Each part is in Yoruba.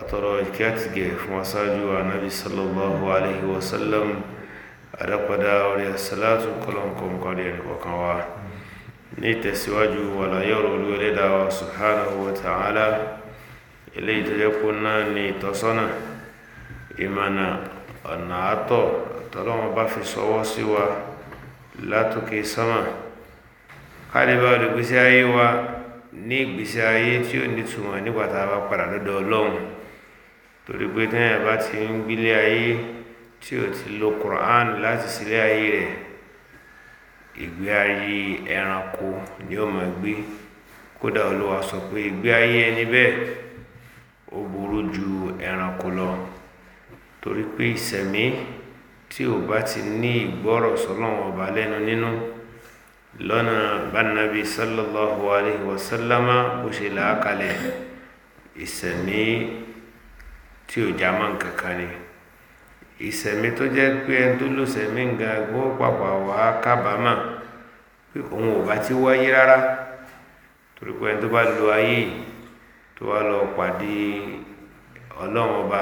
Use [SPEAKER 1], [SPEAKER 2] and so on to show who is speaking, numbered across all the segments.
[SPEAKER 1] àtọ̀rọ̀ ìkẹ́tìgẹ̀ fún aṣáájú ànábì sallallahu alaihi wasallam àdápadà orí asalatu kọlọ̀nkọ̀nkọ̀dé ẹnìkọ̀kan wa ní tẹ̀síwájú wàlàyọ̀rọ̀ olúwẹ̀lẹ́dáwà subhanahu wa ta'ala ilé ìtẹ́jẹ́kú náà ní ìtọ́sọ́nà ìmọ̀nà ọ̀nà àtọ̀ àtọ́lọ́wọ́n bá fi sọwọ́ sí wa látòkè sánmà kálíbà olùgbésí ayé wa ní ìgbésí ayé tí ó nítumọ̀ nígbàtà bá padà lọ́dọ̀ ọlọ́run torí pé tẹ́yìn bá ti ń gbílé ayé tí ò ti lo Qur'an láti sílé ayé rẹ̀ ìgbé ayé ẹranko ni ó máa gbé kódà olúwa sọ pé ìgbé ayé ẹni bẹ́ẹ̀ ó burú ju ẹranko lọ torí pé ìsẹ̀mí tí ò bá ti ní ìgbọ́rọ̀ sọ́lọ́wọ́n ọba lẹ́nu nínú lọ́nà bánabi sallallahu alaihi wasallama sallama bó ṣe làákalẹ̀ ìsẹ̀mí tí ò já mọ́ kankan ni ìsẹ̀mí tó jẹ́ pé ẹni tó lò sẹ̀mí nga gbọ́ pàpà wá kábàámà pé òun ò bá ti wáyé rárá torí pé ẹni tó bá lo ayé tó wá lọ pàdé ọlọ́run ọba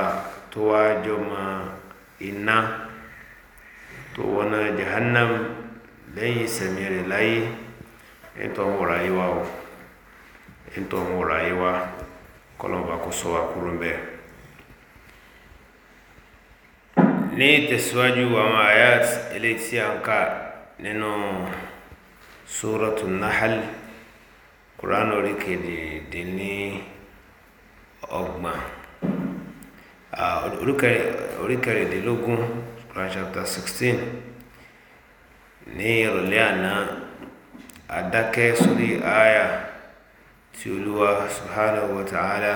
[SPEAKER 1] tó wá jọmọ iná tó wọnà jahannam lẹ́yìn ìsẹ̀mí rẹ̀ láyé ẹni tó ń wòrà yìí wá o ẹni tó ń wòrà yìí wá kọ́lọ́mùbá kò sọ wá kúrò bẹ́ẹ̀. ní ìtẹ̀síwájú àwọn ayat eléyìí tí a ń kà nínú sóràtún nahal quran orí kejìdín ní ọgbọ̀n orí kẹrìndínlógún quran chapter sixteen ní ìrọ̀lẹ́ àná adákẹ́ sórí àyà tí olúwa subhanahu wa ta'ala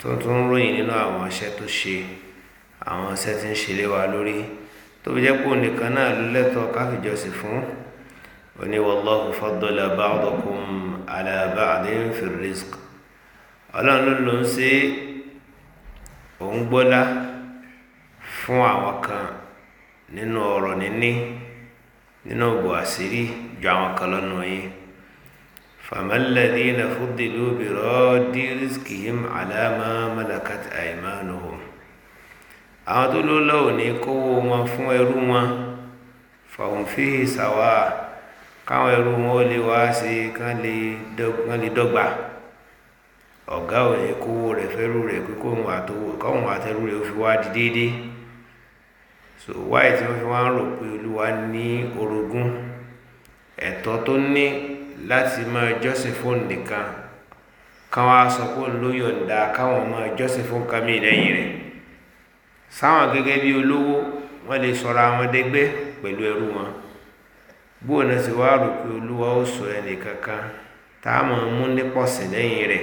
[SPEAKER 1] tuntun ròyìn nínú àwọn iṣẹ́ tó ṣe àwọn iṣẹ́ tí ń ṣe lé wa lórí tó fi jẹ́ pé onìkan náà ló lẹ́tọ̀ọ́ káfíjọsìn fún oní wallahu faddala ba'dakum ala ba'din fi rizq ọlọ́run ló ń ṣe òun gbọ́lá fún àwọn kan nínú ọ̀rọ̀ níní nínú ògbò àṣírí ju àwọn kan lọ́nà yìí fàmálẹ́dínà fúdìlú bìrọ́ dí rìskìhìm ala àwọn tó ló lọ́wọ́ ní kówó wọn fún ẹrú wọn fàwọnfíì sàwà káwọn ẹrú wọn ó lè wá sí kán lè dọ́gba ọ̀gá ò ní kówó rẹ̀ fẹ́rú rẹ̀ pé kóhùn àtẹrú rẹ̀ ó fi wá di déédéé so wáyé tí wọ́n fi wá ń rò pé olúwa ní orogún ẹ̀tọ́ tó ní láti máa jọ́sìn fún nìkan káwọn aṣọ kó lóyọ̀ǹda káwọn máa jọ́sìn fún kámi lẹ́yìn rẹ̀ sáwọn gẹ́gẹ́ bí olówó wọ́n lè sọ̀rọ̀ àwọn dẹgbẹ́ pẹ̀lú ẹrú wọn bóò náà sì wá rò pé olúwa ó sọ ẹnì kankan tá a mọ̀ mú ní pọ̀sìn lẹ́yìn rẹ̀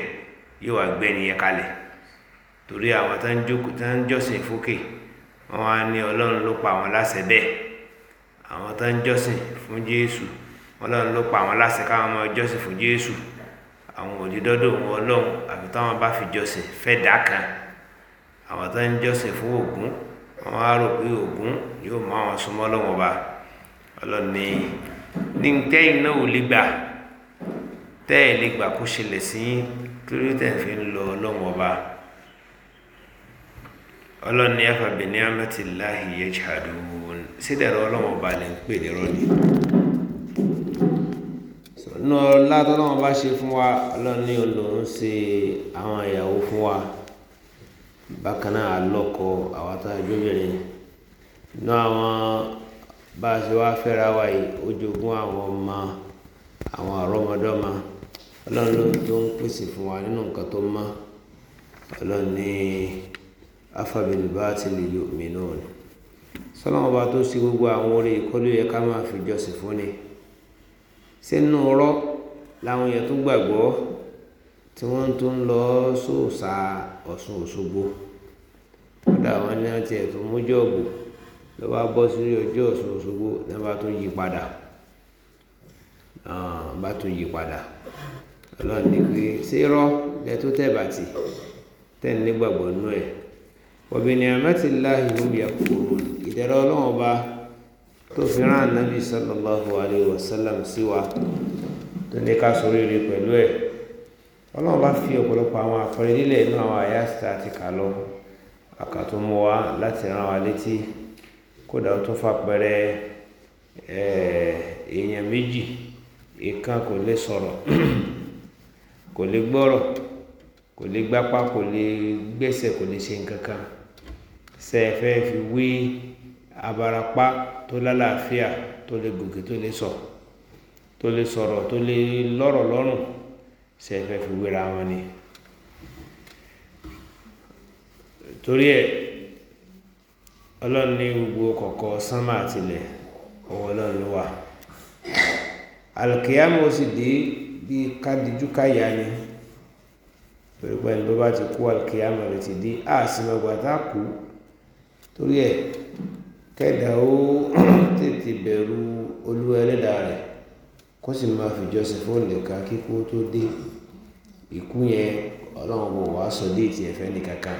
[SPEAKER 1] yóò wá gbé ẹnìyẹn kalẹ̀ torí àwọn tá jọ́sìn fókè wọ́n wá ní ọlọ́run ló pa àwọn láṣẹ bẹ́ẹ̀ àwọn tá ń jọ́sìn fún jésù ọlọ́run ló pa àwọn láṣẹ káwọn máa jọ́sìn fún jésù àwọn òdìdọ́dọ̀ wọn ọlọ́run àbí táwọn bá fi jọ́sìn fẹ́ dá kan àwọn tó ń jọ́sìn fún Ògún àwọn á rò pé Ògún yóò mú àwọn súnmọ́ lọ́wọ́n ba ọlọ́ni ní tẹ́yìn náà ò lè gbà tẹ́yìn lè gbà kó ṣẹlẹ̀ sí torí tẹ́yìn fi ń lọ lọ́wọ́n ba ọlọ́ni afàbí ní amẹ́tìláhì yẹ jàdùn sídẹ̀rọ ọlọ́wọ́n ba lè ń pè ní rọ́ọ̀nì nínú ọlá tó bá ṣe fún wa ọlọ́ni olóhùn ṣe àwọn ìyàwó fún wa bákan náà àlọ́kọ àwọn tá a jóbìnrin inú àwọn bá a ṣe wá fẹ́ra wa yìí ó jogún àwọn ọmọ àwọn àrọ́mọdọ́mọ ọlọ́run ló tó ń pèsè fún wa nínú nǹkan tó mọ́ ọlọ́run ní afabilibatili yu'minun sọlọ́wọ́n bá tó ṣe gbogbo àwọn orí ìkọlù yẹ ká máa fi jọ́sìn fún ni ṣé nínú ọ̀rọ̀ làwọn èèyàn tó gbàgbọ́ tí wọ́n tó ń lọ sóòsà Ọ̀ṣun Òṣogbo. So kódà wọn ní àti ẹ̀tún mú jọ́ọ̀bù ló bá bọ́ sí ọjọ́ Ọ̀ṣun Òṣogbo ní bá tún yí padà bá tún yí padà ọlọ́run ní pé ṣé rọ́ lẹ tó tẹ̀ bàtì tẹ̀ nígbàgbọ́ nú ẹ̀ obìnrin àmẹ́tì láàyè ń kúrò ìdẹ̀rọ ọlọ́run ọba tó fi rán ànábì sallallahu alayhi wa sallam sí wa tó ní ká sọ rere pẹ̀lú ẹ̀ ọlọ́run bá fi ọ̀pọ̀lọpọ̀ àwọn àfọ̀rẹ́lélẹ̀ inú àwọn àyà àti kà lọ àkàtún mú wá láti rán wa létí kódà ó tún fàpẹrẹ èèyàn méjì ìkan kò lè sọ̀rọ̀ kò lè gbọ́rọ̀ kò lè gbápá kò lè gbẹ́sẹ̀ kò lè ṣe nǹkan kan ṣe é fẹ́ fi wé abarapá tó lálàáfíà tó lè gòkè tó lè sọ tó lè sọ̀rọ̀ tó lè lọ́rọ̀ lọ́rùn ṣe é fẹ́ fi wéra wọn ni. torí ẹ̀ ọlọ́run ní gbogbo kọ̀kọ̀ sánmà àtìlẹ̀ ọwọ́ ọlọ́run ló wà alùkìyàmù ó sì dé bí kádìjú káyà ni torí pé ẹni tó bá ti kú alùkìyàmù rẹ̀ ti dé àsìmọ̀gbà tá kú torí ẹ̀ kẹ́dà ó tètè bẹ̀rù olúwa ẹlẹ́dàá rẹ̀ kó sì máa fìjọsìn fóònù nìkan kíkó tó dé ìkú yẹn ọlọ́run kò wá sọ déètì ẹ̀fẹ́ nìkankan.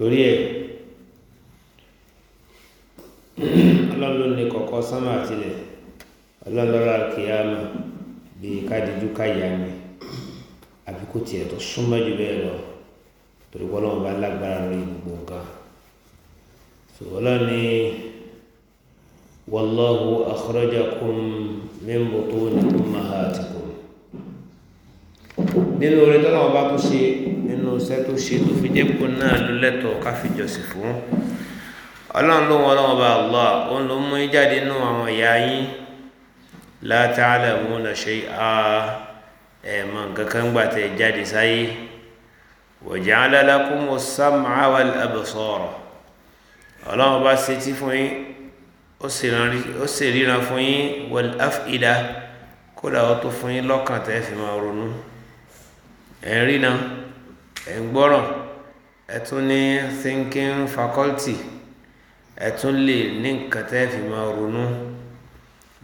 [SPEAKER 1] torí ẹ̀ ọlọ́run ní kọ̀kọ́ sánmà àtìlẹ̀ ọlọ́lọ́rọ̀ kìíyàmà bíi kádìjú káyà mi àbí kò tiẹ̀ tó súnmọ́ jù bẹ́ẹ̀ lọ torí wọ́n lọ́wọ́ bá lágbára lórí gbogbo nǹkan ṣùgbọ́n ní wallahu akhrajakum min butuni ummahatikum nínú orí tọ́lọ́wọ́ bá tún ṣe nínú iṣẹ́ tó ṣe tó fi jẹ́ pé náà ló lẹ́tọ̀ọ́ ká fi jọsìn fún ọlọ́run ló wọn ọlọ́run ọba allah òun ló mú jáde nínú àwọn ìyá yín la ta'lamuna shay'a ẹ̀mọ̀ nǹkan kan gbà tẹ̀ jáde sáyé wa ja'ala lakumu as-sam'a wal absara ọlọ́run ọba ṣetí fún yín ó sì ríran fún yín wal af'ida kódà ó tó fún yín lọ́kàn tẹ́ fi máa ronú ẹ̀rín náà ẹ̀ ń gbọ́ràn ẹ tún ní thinking faculty ẹ tún lè ní nǹkan tẹ́ fi máa ronú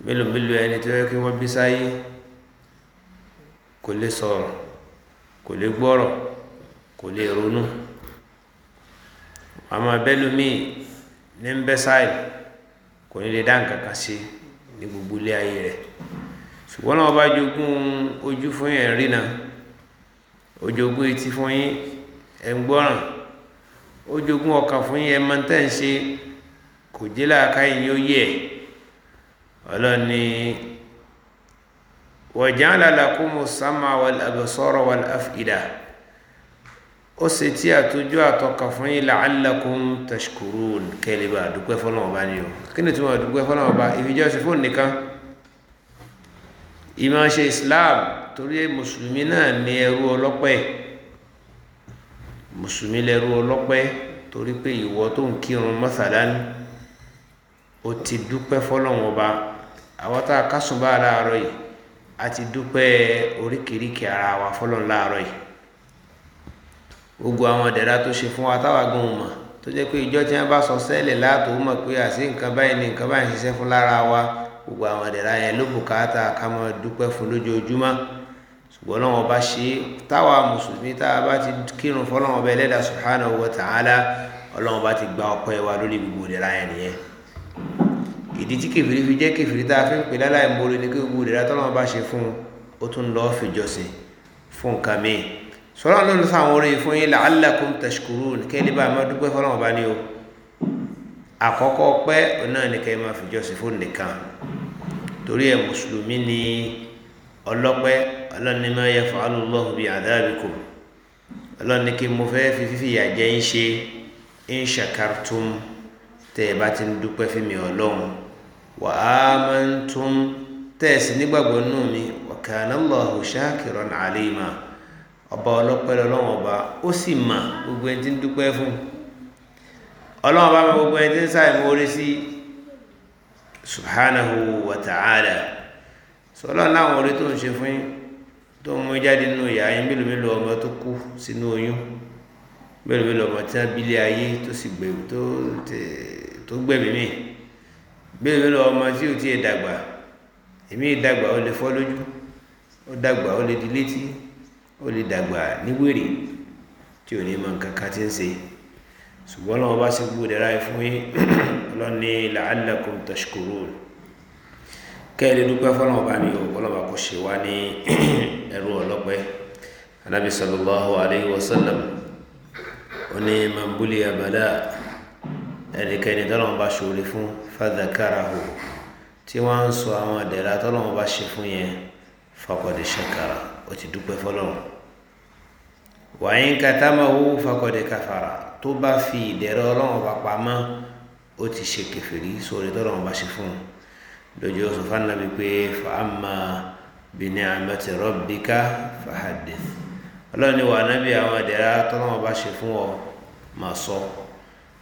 [SPEAKER 1] mélòó mélòó ẹni tó yẹ kí wọ́n bí sáyé kò lè sọ̀rọ̀ kò lè gbọ́rọ̀ kò lè ronú àmọ́ abẹ́lómìn ní ń bẹ́ sáyé kò ní lè dá nǹkan kan ṣe ní gbogbo ilé ayé rẹ̀ ṣùgbọ́n náà ọba jogún ojú fún yẹn rí náà ó jogún etí fún yín ẹ̀ ń gbọ́ràn ó jogún ọkàn fún yín ẹ̀ máa ń tẹ̀ ń ṣe kò jẹ́ làákà yín ó yẹ ọlọ́ni wa ja'ala lakumu sama wal absara wal af'ida ó ṣe tí àtúnjú àtọkà fún yín la'allakum tashkurun kẹlẹ́bà dúpẹ́ fọlọ́wọ́n bá ní kí ni túmọ̀ dúpẹ́ fọlọ́wọ́n bá ìfijọ́ ṣe fóònù nìkan ìmọ̀ ṣe Islam torí mùsùlùmí náà ní ẹrú ọlọ́pẹ́ mùsùlùmí lẹ́rú ọlọ́pẹ́ torí pé ìwọ tó ń kírun mọ́sálán ó ti dúpẹ́ fọlọ́wọ́n ọba àwọn tá a kásùn bá a ti dúpẹ́ orikiriki ara wa fọlọ́n láàárọ̀ yìí gbogbo àwọn ìdẹ̀ra tó ṣe fún wa táwa gan mọ̀ tó jẹ́ pé ìjọ tí wọ́n bá sọ sẹ́lẹ̀ láàtò ó mọ̀ pé àṣé nǹkan báyìí ni nǹkan báyìí ń ṣiṣẹ́ fún lára wa gbogbo àwọn gbọ́lọ́wọ́ bá ṣe táwa mùsùlùmí tá a bá ti kírun fọlọ́wọ́ bá ẹlẹ́dàá subhanahu wa ta'ala ọlọ́wọ́ bá ti gba ọpẹ́ wa lórí gbogbo ìdẹ̀ra yẹn nìyẹn ìdí tí kẹfìrí fi jẹ́ kẹfìrí tá a fi ń pè láláì mórè ni gbogbo ìdẹ̀ra tọ́lọ́wọ́ bá ṣe fún ó tún lọ́ọ́ fìjọsìn fún nǹkan míì sọ́lá ló ń sọ àwọn orin fún yín la'allakum tashkurun kẹ́lẹ́ ọlọ́run ní máa yaf'alu Allahu bi'adhabikum ọlọ́run ní kí mo fẹ́ fi fífi ìyà jẹ ń ṣe in shakartum tẹ́ ẹ bá ti ń dúpẹ́ fún mi ọlọ́run wa amantum tẹ́ ẹ sì nígbàgbọ́ nù mí wa kana Allahu shakiran alima ọba ọlọ́pẹ́ lọ́wọ́ ọba ó sì mà gbogbo ẹni tí ń dúpẹ́ fún ọlọ́wọ́ bá gbogbo ẹni tí ń sáyẹn mórí sí subhanahu wa ta'ala sọlọ́ọ̀ láwọn orí tó ń ṣe fún yín. tó mú jáde nínú ìyá yín mélòó mélòó ọmọ tó kú sínú oyún mélòó mélòó ọmọ tí wọ́n bí ayé tó sì gbè tó gbẹ̀mí mi mélòó ọmọ tí o tí ì dàgbà èmi ìdàgbà ó lè fọ́ lójú ó dàgbà ó lè di létí ó lè dàgbà kẹ́ẹ̀lẹ́ dúpẹ́ fọ́lọ́wọ́ bá ní ọ̀pọ̀lọpọ̀ kò ṣe wá ní ẹrú ọlọ́pẹ́ anábì sallallahu alayhi wa sallam ó ní mambuli abada ẹnikẹ́ni tọ́lọ́wọ́ bá ṣòro fún fadhakarahu tí wọ́n ń sọ àwọn àdẹ̀rà tọ́lọ́wọ́ bá ṣe fún yẹn faqad shakara ó ti dúpẹ́ fọ́lọ́wọ́ wàyín katamahu faqad kafara tó bá fi ìdẹ̀rẹ̀ ọlọ́wọ́ bá pamọ́ ó ti ṣe kèfèrí sórí lójú ó sọ fún nàbí pé fàámà bìnní àmàtì rọ́bìkà fàhàdì ọlọ́run ní wà nábì àwọn ìdẹ̀ra tọ́lọ́wọ́n bá ṣe fún ọ máa sọ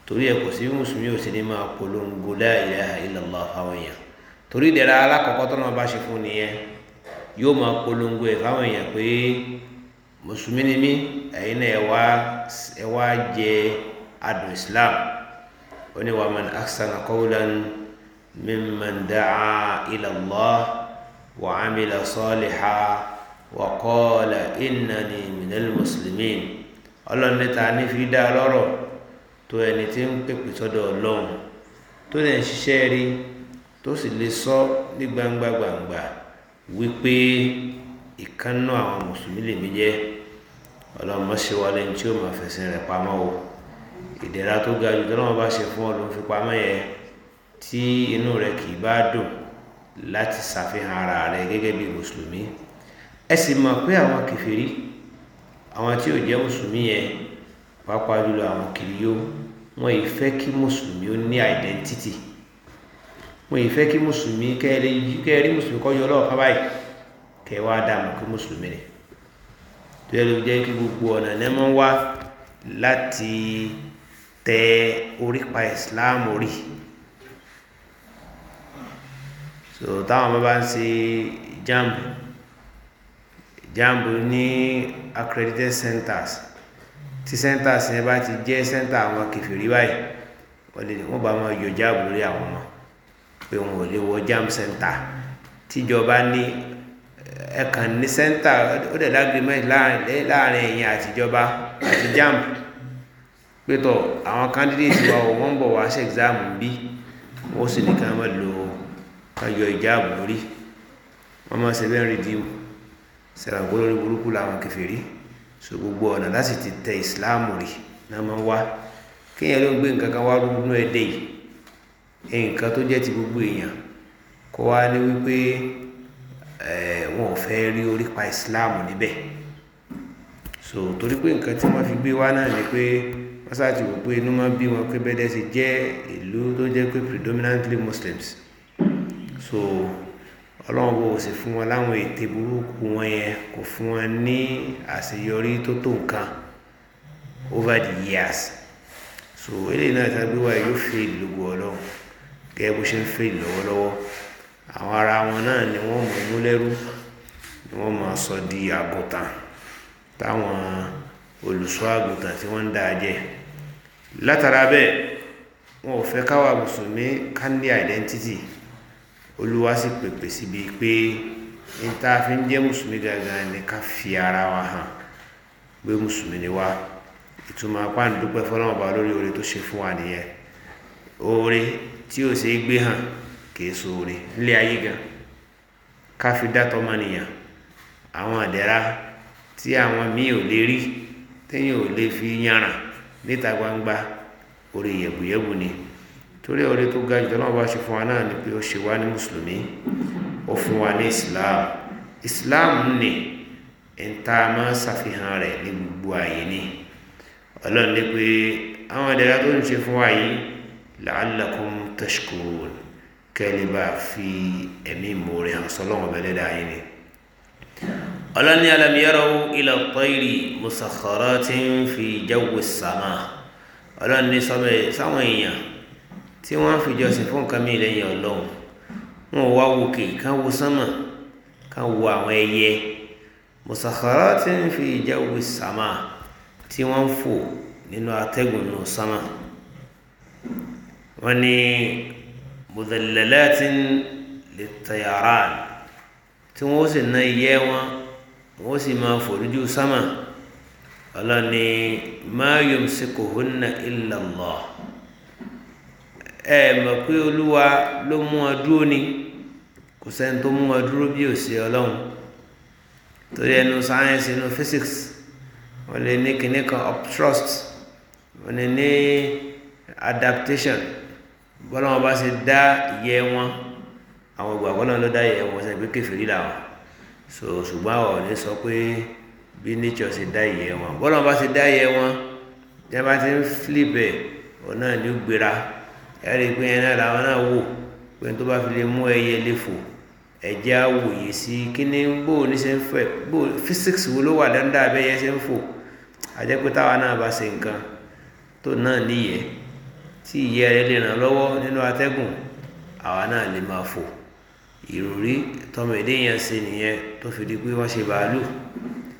[SPEAKER 1] torí ẹ kò sí mùsùlùmí ò sí ní máa polongo la ilaha illallah fáwọn èèyàn torí ìdẹ̀ra alákọ̀ọ́kọ́ tọ́lọ́wọ́n bá ṣe fún nìyẹn yóò máa polongo ẹ̀ fáwọn èèyàn pé mùsùlùmí ni mí ẹ̀yin náà ẹ wá jẹ adùn islam ó ní wàá man ahsana ممن دعا إلى الله وعمل صالحا وقال إنني من المسلمين ọlọ́run níta في fi dá lọ́rọ̀ tó ẹni tí ń pèpè sọ́dọ̀ ọlọ́run tó lè ṣiṣẹ́ rí tó sì lè sọ ní gbangba gbangba wípé ìkánná àwọn mùsùlùmí lèmi jẹ́ ọlọ́run mọ́ ṣe wọlé tí ó máa fẹ̀sìn rẹ̀ pamọ́ o ìdẹ̀ra tó ga jù tó ṣe fún ọ ló ń fi pamọ́ yẹn tí inú rẹ kì í bá dùn láti ṣàfihàn ara rẹ gẹ́gẹ́ bí mùsùlùmí ẹ sì mọ̀ pé àwọn kèfèrí àwọn tí ò jẹ́ mùsùlùmí yẹn pàápàá jùlọ àwọn kìrìyó wọn yìí fẹ́ kí mùsùlùmí ó ní àìdẹ́ntìtì wọn yìí fẹ́ kí mùsùlùmí kẹ́ rí mùsùlùmí kọ́ yọ lọ́ọ̀ká báyìí kẹ́ wá dààmú kí mùsùlùmí ni tó yẹ ló jẹ́ kí gbogbo ọ̀nà ní mọ́ wá láti tẹ orípa ìsìláàmù rí so táwọn ọmọ bá ń ṣe jambu jambu ní accredited centers tí centers yẹn bá ti jẹ́ center àwọn kẹfìrí báyìí wọ́n lè wọ́n bá wọn yọ jambu lórí àwọn ọmọ pé wọn ò lè wọ jamb center tíjọba ní ẹ̀kan ní center ó dẹ̀ lágrimẹ́ntì láàrin ẹ̀yìn àtijọba àti jamb pé tọ àwọn candidate wa wọ́n ń bọ̀ wá ṣe exam bí wọ́n sì ní ká lò ó káyọ ìjáàbù lórí wọ́n máa ṣe bẹ́ẹ̀ rí di sẹ̀rànwó lórí burúkú làwọn kèfèrí so gbogbo ọ̀nà láti ti tẹ ìsìláàmù rí náà máa wá kéèyàn ló ń gbé nǹkan kan wá rúnú ẹ̀dẹ́ yìí nǹkan tó jẹ́ ti gbogbo èèyàn kó wá ní wípé eh, wọn ò fẹ́ rí orí pa ìsìláàmù níbẹ̀ so torí pé nǹkan tí wọ́n fi gbé wá náà ni pé wọ́n sáà ti wò pé inú máa bí wọn pé bẹ́ẹ̀ dẹ́ ṣe jẹ́ ìlú tó jẹ́ pé predominantly Muslims so ọlọ́run bó sì fún wọn láwọn ète burúkú wọn yẹn kò fún wọn ní àṣeyọrí tó tó nǹkan over the years so eléyìí náà tàbí wáyé yóò fail lógo ọlọ́run gẹ́gẹ́ bó ṣe ń fail lọ́wọ́lọ́wọ́ àwọn ara wọn náà ni wọ́n mọ̀ mú lẹ́rú ni wọ́n máa sọ di àgùntàn táwọn olùṣọ́ àgùntàn tí wọ́n ń dáa jẹ látara bẹ́ẹ̀ wọn ò fẹ́ káwa mùsùlùmí ká ní identity olúwa sì pèpè síbi pé n ta fi ń jẹ́ mùsùlùmí gangan ni ká fi ara wa hàn pé mùsùlùmí ni wá ìtumọ̀ apá ń dúpẹ́ fọlọ́wọ́n ba lórí oore tó ṣe fún wa nìyẹn oore tí ò ṣe é gbé hàn kì í so oore nílé ayé gan ká fi dátọ́ mọ́nìyàn àwọn àdẹ́rà tí àwọn míì ò lè rí téèyàn ò lè fi yànrà níta gbangba oore yẹ̀bùyẹ̀bù ni torí ọ̀rẹ́ tó ga jùlọ náà wá ṣe fún wa náà ni pé ó ṣe wá ní mùsùlùmí ó fún wa ní islam islam ni ẹ̀ńtà máa ṣàfihàn rẹ̀ ní gbogbo ààyè ni ọlọ́run ní pé àwọn ìdára tó ń ṣe fún wa yìí la'allakum tashkurun kẹ́lẹ́ bá fi ẹ̀mí ìmoore hàn sọ́lọ́wọ́n bẹ́lẹ́ dá yìí ni ọlọ́run ní alam yaraw ila at-tayri musakhkharatin fi jawi as ọlọ́run ní sọ́mọ̀ sáwọn èèyàn tí wọ́n fi jọsìn fún nǹkan mìíràn lẹ́yìn ọlọ́run wọn ò wá wòkè kán wo sánmà kán wo àwọn ẹyẹ mùsàkàrà tí ń fi ìjáwé sàmà tí wọ́n ń fò nínú atẹ́gùn nù sánmà wọ́n ní mùdàlẹ́lẹ́tì lè tẹ̀yàrá tí wọ́n sì ná iyẹ́ wọn wọ́n sì máa fò sánmà ọlọ́ni máa yọ̀mùsíkò hùnà illallah ẹ mọ̀ pé olúwa ló mú ọ dúró ni kò sẹ́ni tó mú ọ dúró bí ò sí ọlọ́run torí ẹnu sáyẹ́nsì ẹnu physics wọ́n lè ní kinní kan obtrust wọ́n lè ní adaptation bọ́lá wọn bá ṣe dá ìyẹ́ wọn àwọn ìgbàgbọ́ náà ló dá ìyẹ́ wọn sẹ́ni pé kẹfìrí làwọn so ṣùgbọ́n àwọn ọ̀nì sọ pé bí nature ṣe dá ìyẹ́ wọn bọ́lá wọn bá ṣe dá ìyẹ́ wọn jẹ́ bá ti ń flip ẹ̀ òun náà ní gbéra ẹ̀rí pé yẹn náà làwọn náà wò pé tó bá fi lè mú ẹyẹ lè fò ẹ̀jẹ̀ á sí kíní bó ní ṣe ń fẹ́ bó physics wo ló wà dáadáa bẹ́ẹ̀ ṣe ń fò àjẹ́ pé táwa náà bá ṣe nǹkan tó náà níyẹ tí ìyẹ́ rẹ̀ lè ràn lọ́wọ́ nínú atẹ́gùn àwa náà lè máa fò ìròrí tọmọ èdè yẹn ṣe nìyẹn tó fi di pé wọ́n ṣe bàálù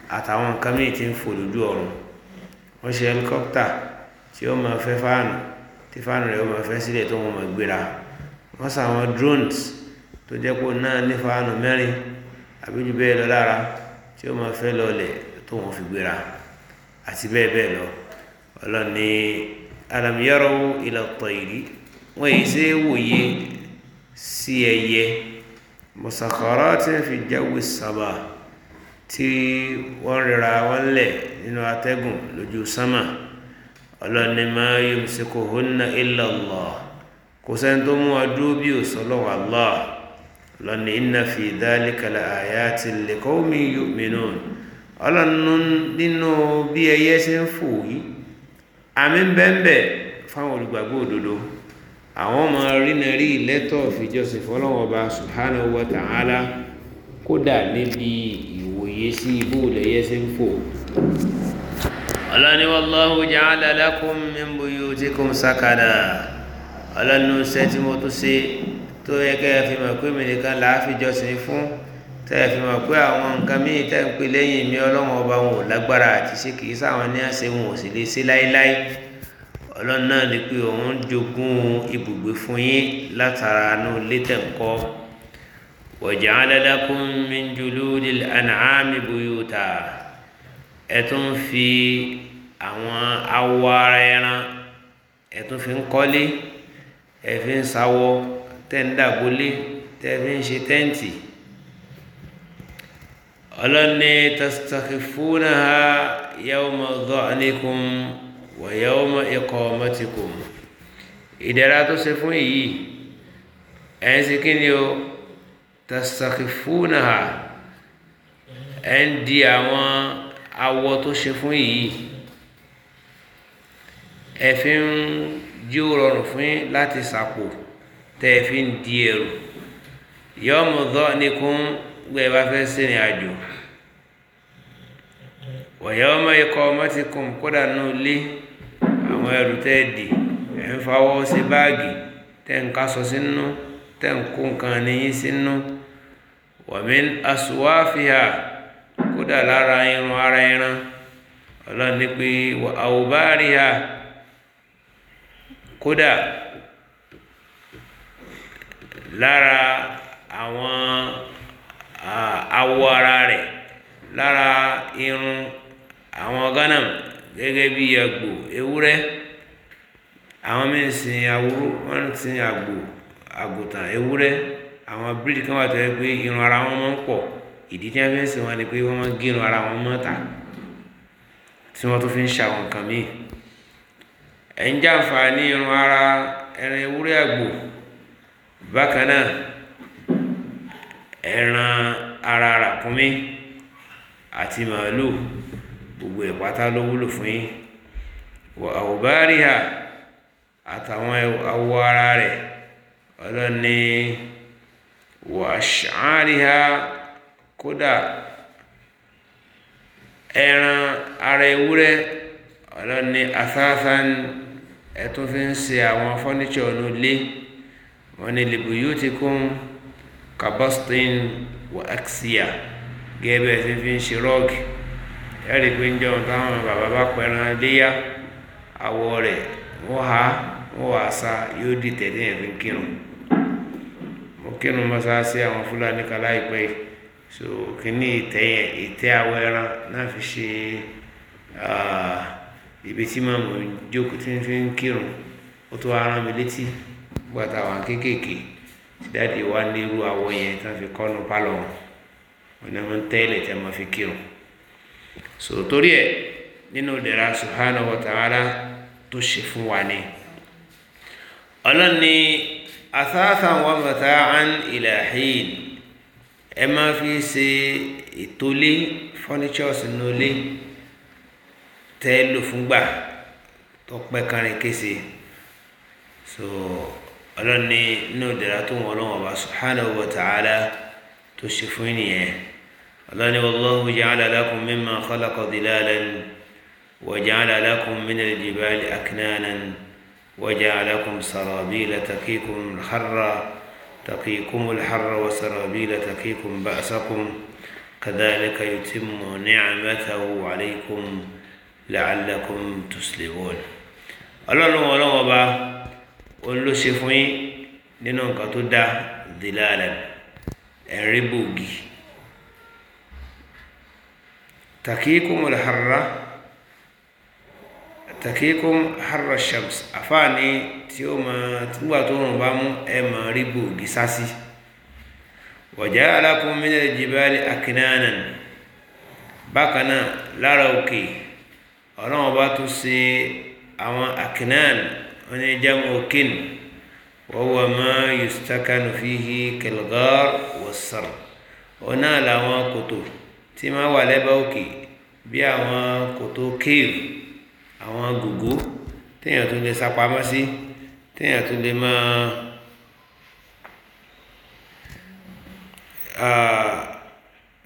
[SPEAKER 1] àtàwọn nǹkan míì ti ń fò lójú ọ̀run wọ́n ṣe hẹlikọ́pítà tí ó máa fẹ́ fáànù tí fáànù rẹ̀ ó máa fẹ́ sílẹ̀ tó wọ́n máa gbéra wọ́n sọ àwọn drones tó jẹ́ pé náà ní fáànù mẹ́rin àbí jù bẹ́ẹ̀ lọ lára tí ó máa fẹ́ lọlẹ̀ tó wọ́n fi gbéra àti bẹ́ẹ̀ bẹ́ẹ̀ lọ ọlọ́ni alam yaraw ila at wọ́n yìí ṣe é wòye sí ẹyẹ musakharatin fi jawi as tí wọ́n rira wọ́n lẹ̀ nínú atẹ́gùn lójú sánmà ọlọ́ni máa yumsikuhunna illa Allah kò sẹ́ni tó mú wa dúró bí òsọ́lọ́wọ́ Allah ọlọ́ni inna fi dhalika la ayatin liqawmin yu'minun ọlọ́ni nínú bí ẹyẹ ṣe ń fò yìí àmì ń bẹ́ẹ̀ fáwọn olùgbàgbọ́ òdodo àwọn ọmọ rínà rí ìlẹ́tọ̀ fìjọsìn fọlọ́wọ́n ọba subhanahu wa ta'ala kódà níbi ìwòye sí ibú lẹ́yẹ ṣe ń fò ọlọ́ni wallahu ja'ala lakum min buyutikum sakana ọlọ́ni ó ṣe tí mo tún ṣe tó yẹ kẹ́ ẹ fi mọ̀ pé mìíràn kan là á fi jọ́sìn fún tẹ́ ẹ fi mọ̀ pé àwọn nǹkan míì tẹ́ ń pè lẹ́yìn mi ọlọ́run ọba wọn lágbára àti ṣe kì sáwọn ní àṣẹ wọn ò sì lè ṣe láéláé ọlọ́run náà ni pé òun jogún ibùgbé fún yín látara inú ilé tẹ̀kọ́ wa ja'ala lakum min juludil an'ami buyuta ẹ̀ tó fi àwọn awọ ara ẹran ẹ tún fi ń kọ́lé ẹ fi ń sawọ tẹ́ ń dàgbólé tẹ́ fi ń ṣe tẹ́ǹtì ọlọ́ni tastakifuna ha yawma dhanikum wa yawma iqamatikum ìdẹ̀ra tó ṣe fún èyí ẹ̀ ń kí ni o tastakifuna ha ẹ̀ ń di àwọn awọ tó ṣe fún èyí ẹ fi ń jí ó rọrùn fún yín láti sàpò tẹ́ ẹ fi ń di èrò yọ́mù dọ́ ní kún gbé ẹ bá fẹ́ sìnrìn àjò wọ̀yẹ́ ọmọ ikọ̀ ọmọ ti kùn kódà náà lé àwọn ẹrù tẹ́ ẹ ẹ̀ ń fawọ́ sí báàgì tẹ́ ń kásọ sínú tẹ́ ń kó nǹkan níyín sínú wọ̀mí aṣùwáfíà kódà lára irun ara ẹran ọlọ́ni pé àwòbáríà kódà lára àwọn awọ ara rẹ̀ lára irun àwọn gánàm gẹ́gẹ́ bí àgbò ewúrẹ́ àwọn mí ń sin awúrú wọ́n ń sin àgbò àgùntàn ewúrẹ́ àwọn bíríìdì kan wà tó yẹ pé irun ara wọn máa ń pọ̀ ìdí tí wọ́n fi ń sin wọn ni pé wọ́n máa ń gé irun ara wọn mọ́ta tí wọ́n tún fi ń ṣàwọn nǹkan míì. ɛn gya nfaani yɛn ara ɛna ewure agbo bakana ɛna arara kumi ati maalu gbogbo ɛpata lɔwulo fun wɔ awubaari ha atawọn awo ara rɛ ɔlɔni wɔ ahyɛnri ha koda ɛna ara ewure ɔlɔni asaasan. ẹ tún fi ń ṣe àwọn fọ́níṣọ̀ ọ̀nà ilé wọn ni libuyutikum kabostin wa axia gẹ́gẹ́ bẹ́ẹ̀ fi ń ṣe rọ́ọ̀gì ẹ̀rí pé ń jẹun táwọn bàbá bá pẹran léyà ha wọ́n wà sa yóò di tẹ̀lé yẹn fi kírun mo kírun mọ́sáàsì àwọn fúlàní kan so kí ni ìtẹ́ yẹn ẹran náà fi ṣe. ibi tí màmú jókòó tí ń fi ń kírun ó tó ara mi létí gbàtà wà kéékèèké dáàdi wa nírú awọ yẹn tí wọn fi kọ́nu pálọ̀ wọn wọn ni wọn tẹ́lẹ̀ tí wọn fi kírun so torí ẹ nínú ìdẹ̀ra subhanahu wa ta'ala tó ṣe fún wa ni ọlọ́ni asáàsàn wa mata'an ila hin ẹ máa fi ṣe ìtòlé fọ́níṣọ́ọ̀sì nulẹ̀. tẹ́ lò fúngbà tó pẹ́ kése so ọlọ́run ní inú ìdára tó wọn ọlọ́run ọba subhanahu wa ta'ala tó ṣe fún nìyẹn ọlọ́run ní wallahu ja'ala lakum mimma khalaqa dhilalan wa ja'ala lakum minal jibali aknanan wa ja'ala lakum sarabila taqikum al-harra taqikum al-harra wa sarabila taqikum ba'sakum كذلك يتم نعمته عليكم لعلكم tuslibun ọlọ́run ọlọ́run ọba òun ló ṣe fún yín nínú nǹkan tó dá dilalan ẹ̀rí bògì takikumul harra takikum harra shams àfáàní tí ó máa nígbà tó rùn bá mú ẹ máa rí bògì sásì wa ja'alakum minal jibali aknanan lára òkè. Okay ọlọ́run ọba tún ṣe àwọn akinan wọn ní jamu okin wọ́n wà má yustakanu fihi kelgar wasar wọn náà làwọn kòtò tí máa wà lẹ́bà òkè bí àwọn kòtò cave àwọn gògó téèyàn tún lè sapamọ́ sí téèyàn tún lè máa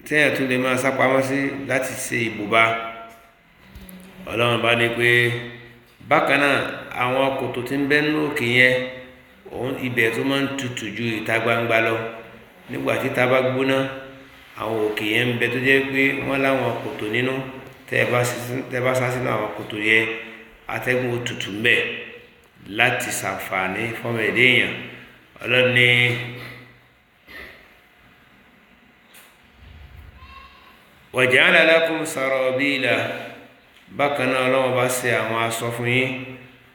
[SPEAKER 1] téèyàn tún lè máa sapamọ́ sí láti ṣe ibùba ọlọ́run bá ní pé bákan náà àwọn kòtò tí ń bẹ nínú òkè yẹn òun ibẹ̀ tó máa ń tutù ju ìta gbangba lọ nígbà tí ta bá gbóná àwọn òkè yẹn ń bẹ tó jẹ́ pé wọ́n láwọn kòtò nínú tẹ́ bá sá sínú àwọn kòtò yẹn atẹ́gùn òtútù ń bẹ láti ṣàǹfààní fọ́mọ èèyàn ọlọ́run ní. وجعل لكم سرابيلا bákan náà ọlọ́wọ́n bá ṣe àwọn aṣọ fún yín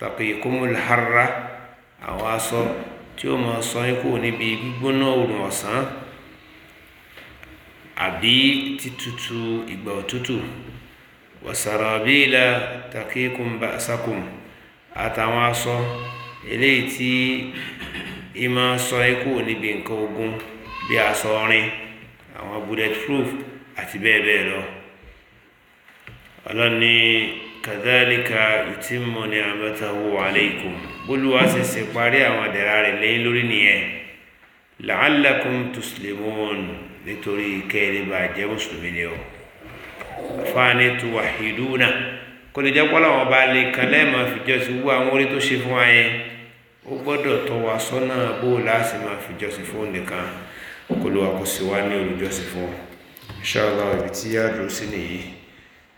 [SPEAKER 1] taqikumul harra àwọn aṣọ tí ó máa sọ yín kúrò níbi gbígbóná òrùn ọ̀sán àbí títútù ìgbà òtútù wasarabila taqikum ba'sakum àtàwọn aṣọ eléyìí tí ì máa sọ yín kúrò níbi nǹkan ogun bí aṣọ ọrin àwọn bulletproof àti bẹ́ẹ̀ bẹ́ẹ̀ lọ ọlọ́ni kàdálíkà ìtìmọ̀ ní àmọ́tàwó aleikum bólúwa sì sì parí àwọn dẹ̀ra rẹ̀ lẹ́yìn lórí nìyẹn la'allakum tuslimun nítorí kẹ́lẹ́ bá jẹ́ mùsùlùmí ni ọ fáàní tu wàhídúnà kò ní jẹ́ pọ́lá wọn bá lè kan lẹ́ẹ̀mọ́ fìjọsìn wú àwọn orí tó ṣe fún wa yẹn ó gbọ́dọ̀ tọ́ wa sọ́nà bó láti máa fìjọsìn fún nìkan kó ló wà kó sì wá ní olùjọsìn fún insha Allah ibi tí yá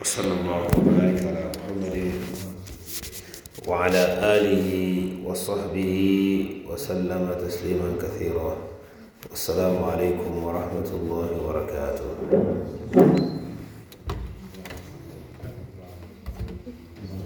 [SPEAKER 1] وصلى الله وبارك على محمد وعلى آله وصحبه وسلم تسليما كثيرا والسلام عليكم ورحمة الله وبركاته